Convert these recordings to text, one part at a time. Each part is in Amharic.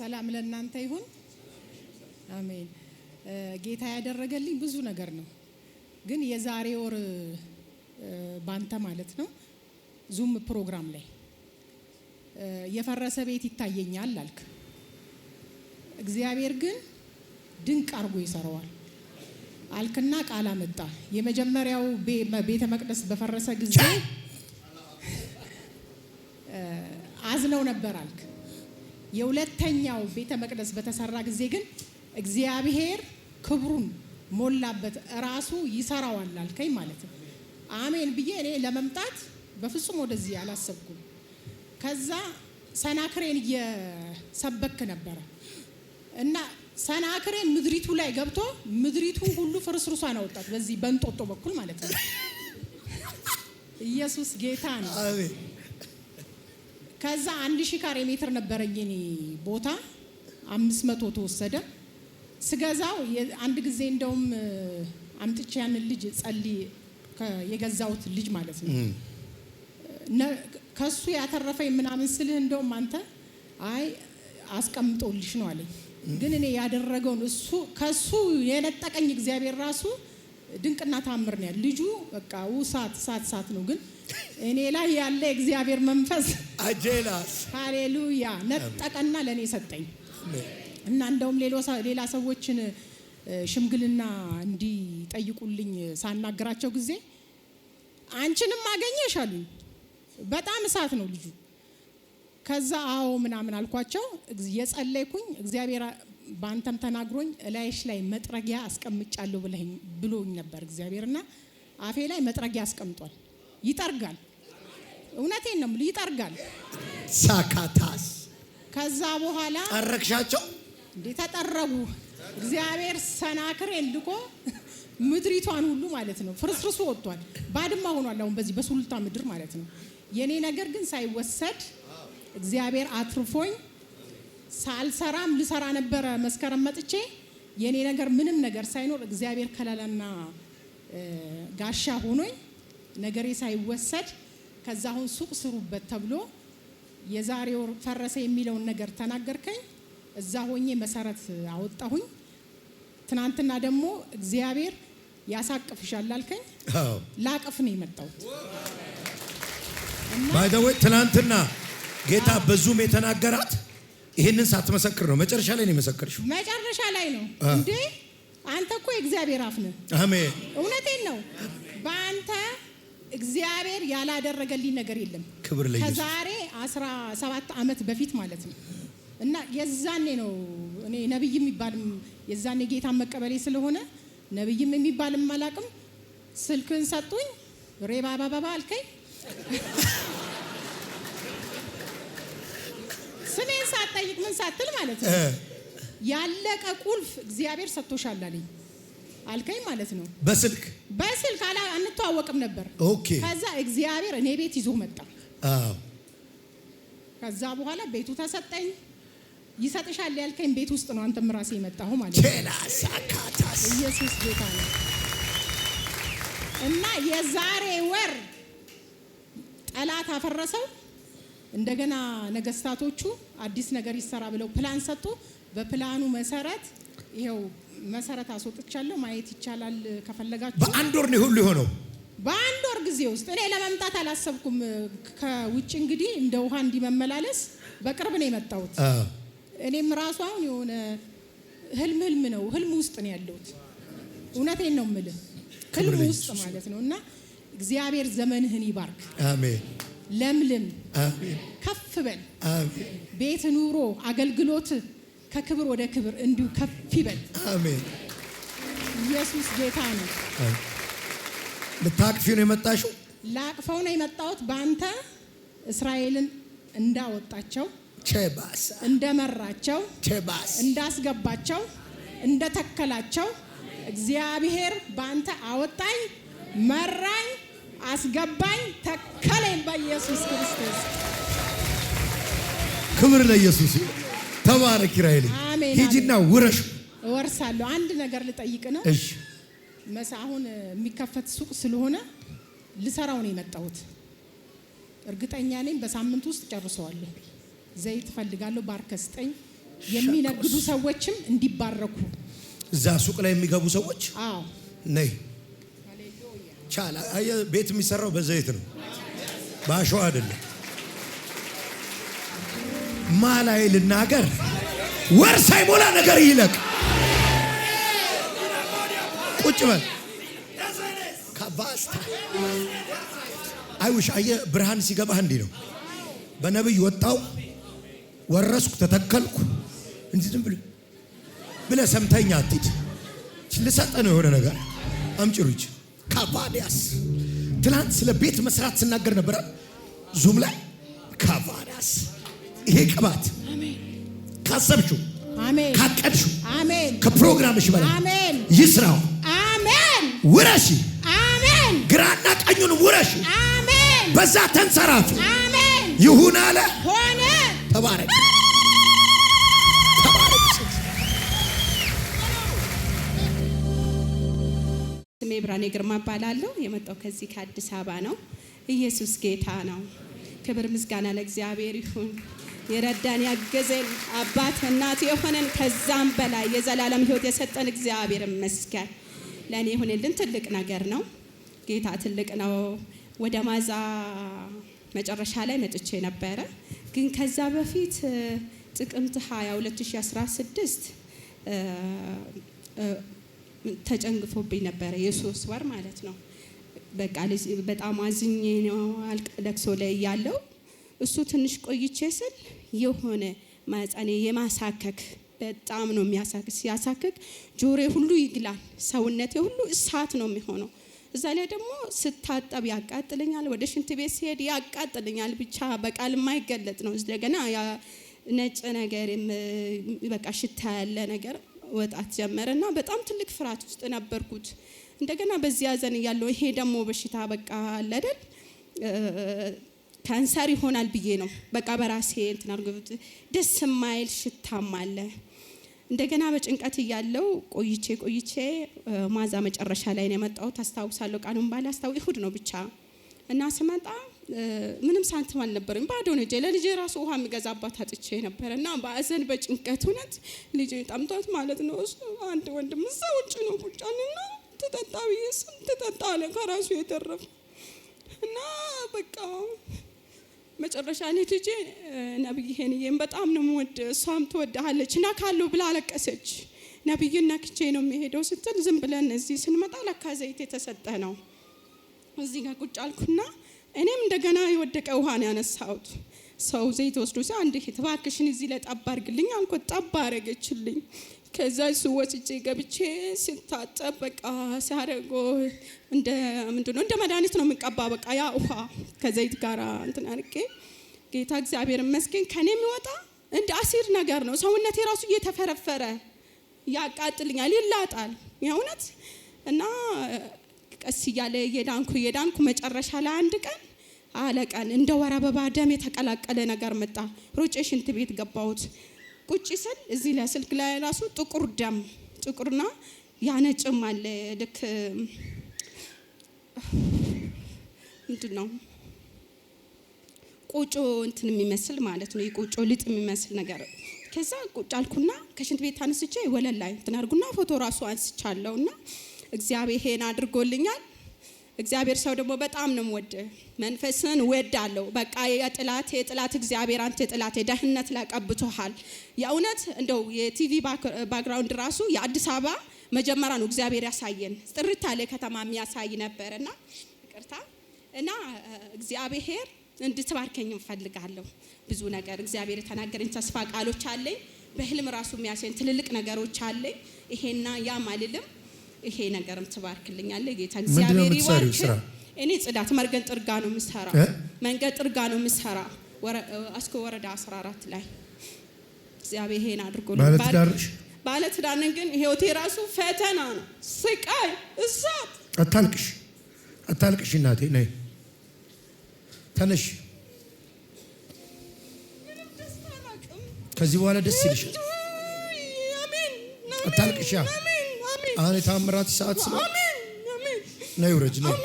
ሰላም ለእናንተ ይሁን። አሜን። ጌታ ያደረገልኝ ብዙ ነገር ነው፣ ግን የዛሬ ወር ባንተ ማለት ነው ዙም ፕሮግራም ላይ የፈረሰ ቤት ይታየኛል አልክ። እግዚአብሔር ግን ድንቅ አድርጎ ይሰራዋል አልክና ቃል አመጣ። የመጀመሪያው ቤተ መቅደስ በፈረሰ ጊዜ አዝነው ነበር አልክ። የሁለተኛው ቤተ መቅደስ በተሰራ ጊዜ ግን እግዚአብሔር ክብሩን ሞላበት፣ ራሱ ይሰራዋል አልከኝ ማለት ነው። አሜን ብዬ እኔ ለመምጣት በፍጹም ወደዚህ አላሰብኩም። ከዛ ሰናክሬን እየሰበክ ነበረ እና ሰናክሬን ምድሪቱ ላይ ገብቶ ምድሪቱ ሁሉ ፍርስርሷን አወጣት። በዚህ በእንጦጦ በኩል ማለት ነው። ኢየሱስ ጌታ ነው። ከዛ አንድ ሺህ ካሬ ሜትር ነበረኝ እኔ ቦታ አምስት መቶ ተወሰደ ስገዛው። አንድ ጊዜ እንደውም አምጥቼ ያንን ልጅ ጸሊ የገዛሁት ልጅ ማለት ነው ከሱ ያተረፈኝ ምናምን ስልህ እንደውም አንተ አይ አስቀምጦልሽ ነው አለኝ። ግን እኔ ያደረገውን እሱ ከሱ የነጠቀኝ እግዚአብሔር ራሱ ድንቅና ታምር ነው። ልጁ በቃ ውሳት ሳት ሳት ነው። ግን እኔ ላይ ያለ እግዚአብሔር መንፈስ አጄላስ ሃሌሉያ ነጠቀና ለእኔ ሰጠኝ እና እንደውም ሌላ ሰዎችን ሽምግልና እንዲጠይቁልኝ ሳናገራቸው ጊዜ አንቺንም አገኘሽ አሉኝ። በጣም እሳት ነው ልጁ። ከዛ አዎ ምናምን አልኳቸው። የጸለይኩኝ እግዚአብሔር በአንተም ተናግሮኝ እላይሽ ላይ መጥረጊያ አስቀምጫለሁ ብሎኝ ነበር እግዚአብሔርና አፌ ላይ መጥረጊያ አስቀምጧል፣ ይጠርጋል እውነቴን ነው ይጠርጋል። ሳካታስ ከዛ በኋላ ጠረግሻቸው እንዴ? ተጠረጉ። እግዚአብሔር ሰናክሬን ልኮ ምድሪቷን ሁሉ ማለት ነው ፍርስርሱ ወጥቷል፣ ባድማ ሆኗል። አሁን በዚህ በሱሉልታ ምድር ማለት ነው። የኔ ነገር ግን ሳይወሰድ እግዚአብሔር አትርፎኝ ሳልሰራም ልሰራ ነበረ መስከረም መጥቼ የኔ ነገር ምንም ነገር ሳይኖር እግዚአብሔር ከለላና ጋሻ ሆኖኝ ነገሬ ሳይወሰድ ከዛ አሁን ሱቅ ስሩበት ተብሎ የዛሬ ፈረሰ የሚለውን ነገር ተናገርከኝ። እዛ ሆኜ መሰረት አወጣሁኝ። ትናንትና ደግሞ እግዚአብሔር ያሳቅፍሻል አልከኝ። ላቅፍ ነው የመጣሁት። ባይደወ ትናንትና ጌታ በዙም የተናገራት ይህንን ሳትመሰክር ነው። መጨረሻ ላይ ነው የመሰከርሽው። መጨረሻ ላይ ነው እንዴ! አንተ እኮ የእግዚአብሔር አፍ ነህ። አሜን። እውነቴን ነው በአንተ እግዚአብሔር ያላደረገልኝ ነገር የለም። ክብር ለኢየሱስ። ከዛሬ 17 ዓመት በፊት ማለት ነው እና የዛኔ ነው እኔ ነብይ የሚባልም የዛኔ ጌታን መቀበሌ ስለሆነ ነብይም የሚባልም አላቅም። ስልክን ሰጡኝ። ሬባ ባባባ አልከኝ። ስሜን ሳትጠይቅ ምን ሳትል ማለት ነው ያለቀ ቁልፍ እግዚአብሔር ሰጥቶሻል አለኝ። አልከኝ ማለት ነው። በስልክ በስልክ አንተዋወቅም ነበር። ኦኬ። ከዛ እግዚአብሔር እኔ ቤት ይዞ መጣ። አዎ። ከዛ በኋላ ቤቱ ተሰጠኝ። ይሰጥሻል ያልከኝ ቤት ውስጥ ነው። አንተም ራሴ የመጣሁ ማለት ነው። ኢየሱስ ጌታ ነው። እና የዛሬ ወር ጠላት አፈረሰው። እንደገና ነገስታቶቹ አዲስ ነገር ይሰራ ብለው ፕላን ሰጡ። በፕላኑ መሰረት ይኸው መሰረት አስወጥቻለሁ። ማየት ይቻላል ከፈለጋችሁ። በአንድ ወር ነው ሁሉ የሆነው። በአንድ ወር ጊዜ ውስጥ እኔ ለመምጣት አላሰብኩም። ከውጭ እንግዲህ እንደ ውሃ እንዲመመላለስ በቅርብ ነው የመጣሁት። እኔም ራሱ አሁን የሆነ ህልም ህልም ነው ህልም ውስጥ ነው ያለሁት። እውነቴን ነው የምልህ ህልም ውስጥ ማለት ነው። እና እግዚአብሔር ዘመንህን ይባርክ። አሜን። ለምልም ከፍ በል ቤት፣ ኑሮ፣ አገልግሎት ከክብር ወደ ክብር እንዲሁ ከፍ ይበል። አሜን። ኢየሱስ ጌታ ነው። ልታቅፊ ነው የመጣሽው? ላቅፈው ነው የመጣሁት። በአንተ እስራኤልን እንዳወጣቸው እንደመራቸው እንዳስገባቸው እንደተከላቸው እግዚአብሔር በአንተ አወጣኝ፣ መራኝ፣ አስገባኝ፣ ተከለኝ በኢየሱስ ክርስቶስ። ክብር ለኢየሱስ። ተባረክ ራይል ሂጂና ውረሽ እወርሳለሁ። አንድ ነገር ልጠይቅ ነው። እሺ መሳ አሁን የሚከፈት ሱቅ ስለሆነ ልሰራው ነው የመጣሁት። እርግጠኛ ነኝ በሳምንት ውስጥ ጨርሰዋለሁ። ዘይት እፈልጋለሁ። ባርከስጠኝ የሚነግዱ ሰዎችም እንዲባረኩ እዛ ሱቅ ላይ የሚገቡ ሰዎች ነይ ቻላ ቤት የሚሰራው በዘይት ነው፣ በአሸዋ አይደለም። ማላይ ልናገር ወር ሳይሞላ ነገር ይለቅ። ቁጭ በል ካባስታ አይውሽ አየ ብርሃን ሲገባህ እንዲህ ነው። በነብይ ወጣው ወረስኩ ተተከልኩ እንጂ ዝም ብለህ ብለህ ሰምተኛ አትሂድ። ልሰጠህ ነው የሆነ ነገር አምጭሩች ካባዲያስ ትላንት ስለ ቤት መስራት ስናገር ነበረ ዙም ላይ ካባዲያስ ይሄ ቅባት ካሰብሹ ካቀድሹ ከፕሮግራምሽ በላይ ይስራው። ውረሺ፣ ግራና ቀኙን ውረሺ፣ በዛ ተንሰራፊ። ይሁን አለ ሆነ። ተባረክ። ስሜ ብርሃኔ ግርማ እባላለሁ። የመጣው ከዚህ ከአዲስ አበባ ነው። ኢየሱስ ጌታ ነው። ክብር ምስጋና ለእግዚአብሔር ይሁን። የረዳን ያገዘን አባት እናት የሆነን ከዛም በላይ የዘላለም ሕይወት የሰጠን እግዚአብሔር ይመስገን። ለእኔ ይሁንልን ትልቅ ነገር ነው። ጌታ ትልቅ ነው። ወደ ማዛ መጨረሻ ላይ መጥቼ ነበረ፣ ግን ከዛ በፊት ጥቅምት 20 2016 ተጨንግፎብኝ ነበረ የሶስት ወር ማለት ነው። በቃ በጣም አዝኜ ነው ለቅሶ ላይ ያለው እሱ ትንሽ ቆይቼ ስል የሆነ ማህፀኔ የማሳከክ በጣም ነው የሚያሳክክ። ሲያሳክክ ጆሬ ሁሉ ይግላል፣ ሰውነቴ ሁሉ እሳት ነው የሚሆነው። እዛ ላይ ደግሞ ስታጠብ ያቃጥለኛል፣ ወደ ሽንት ቤት ሲሄድ ያቃጥለኛል። ብቻ በቃል የማይገለጥ ነው። እንደገና ነጭ ነገር በቃ ሽታ ያለ ነገር ወጣት ጀመረ እና በጣም ትልቅ ፍርሃት ውስጥ ነበርኩት። እንደገና በዚያ ያዘን እያለው ይሄ ደግሞ በሽታ በቃ አለደል ካንሰር ይሆናል ብዬ ነው በቃ በራሴ እንትን አድርጎ ደስ የማይል ሽታም አለ። እንደገና በጭንቀት እያለው ቆይቼ ቆይቼ ማዛ መጨረሻ ላይ ነው የመጣው። ታስታውሳለሁ ቃሉን ባለ አስታው ይሁድ ነው ብቻ እና ስመጣ ምንም ሳንቲም አልነበረኝ፣ ባዶ ነው እጄ። ለልጄ ራሱ ውሃ የሚገዛባት አጥቼ ነበረ እና በአዘን በጭንቀት እውነት ልጄ ጠምቷት ማለት ነው። እሱ አንድ ወንድም እዛ ውጭ ነው ቁጫን ና ትጠጣ ብዬ ስም ትጠጣ አለ ከራሱ የተረፈ እና በቃ መጨረሻ እኔ ልጄ ነብይ ይሄን በጣም ነው ወድ እሷም ትወድሃለች እና ካለው ብላ አለቀሰች። ነብይን ነክቼ ነው የሚሄደው ስትል ዝም ብለን እዚህ ስንመጣ ለካ ዘይት የተሰጠ ነው። እዚህ ጋር ቁጭ አልኩና እኔም እንደገና የወደቀ ውሃን ያነሳሁት ሰው ዘይት ወስዶ ሲ አንድ እባክሽን እዚህ ላይ ጠብ አድርግልኝ አልኳት። ጠብ አረገችልኝ። ከዛ እሱ ወስጄ ገብቼ ስታጠብ በቃ ሲያደርጎ እንደ ምንድን ነው እንደ መድኃኒት ነው የምንቀባ። በቃ ያ ውሃ ከዘይት ጋር እንትን አርቄ ጌታ እግዚአብሔር ይመስገን ከኔ የሚወጣ እንደ አሲር ነገር ነው። ሰውነቴ ራሱ እየተፈረፈረ ያቃጥልኛል፣ ይላጣል የእውነት እና ቀስ እያለ እየዳንኩ እየዳንኩ መጨረሻ ላይ አንድ ቀን አለቀን እንደ ወር አበባ ደም የተቀላቀለ ነገር መጣ። ሮጬ ሽንት ቤት ገባሁት። ቁጭ ስል እዚህ ላይ ስልክ ላይ ራሱ ጥቁር ደም ጥቁርና ያነጭም አለ ልክ ምንድን ነው ቆጮ እንትን የሚመስል ማለት ነው የቆጮ ልጥ የሚመስል ነገር። ከዛ ቁጭ አልኩና ከሽንት ቤት አነስቼ ወለል ላይ እንትን አድርጉና ፎቶ ራሱ አንስቻለሁ እና እግዚአብሔር አድርጎልኛል። እግዚአብሔር ሰው ደግሞ በጣም ነው ወደ መንፈስን ወዳለው በቃ የጥላት የጥላት እግዚአብሔር አንተ ጥላት ደህንነት ላይ ቀብቶሃል። የእውነት እንደው የቲቪ ባክግራውንድ ራሱ የአዲስ አበባ መጀመሪያ ነው እግዚአብሔር ያሳየን ጥርት ያለ ከተማ የሚያሳይ ነበር እና ቅርታ እና እግዚአብሔር እንድትባርከኝ እንፈልጋለሁ። ብዙ ነገር እግዚአብሔር የተናገረኝ ተስፋ ቃሎች አለኝ። በህልም ራሱ የሚያሳየን ትልልቅ ነገሮች አለኝ። ይሄና ያም አልልም ይሄ ነገርም ትባርክልኛለህ ጌታ እግዚአብሔር ይባርክ። እኔ ጽዳት መርገን ጥርጋ ነው የምሰራ፣ መንገድ ጥርጋ ነው የምሰራ። ወረዳ 14 ላይ እግዚአብሔር ይሄን አድርጎ ባለትዳርን ግን ህይወቴ ራሱ ፈተና ነው፣ ስቃይ፣ እሳት። አታልቅሽ፣ አታልቅሽ እናቴ ነይ ተነሽ። ከዚህ በኋላ ደስ ይልሻል። አሁን የታምራት ሰዓት ስለ ነይ ውረጅ ነይ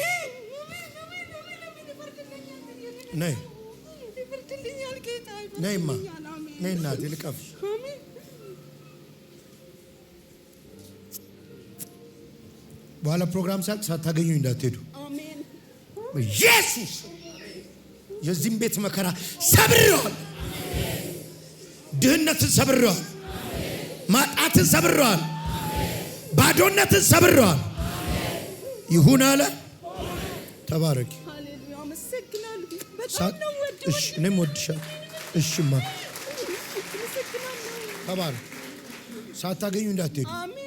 ነይ ነይማ ነይ እናቴ ልቀፍሽ። በኋላ ፕሮግራም ሲያልቅ ሳታገኙኝ እንዳትሄዱ። ኢየሱስ የዚህም ቤት መከራ ሰብረዋል። ድህነትን ሰብረዋል። ማጣትን ሰብረዋል። ባዶነትን ሰብረዋል። ይሁን አለ። ተባረኪ። እኔም ወድሻለሁ። እሽማ ተባረክ። ሳታገኙ እንዳትሄዱ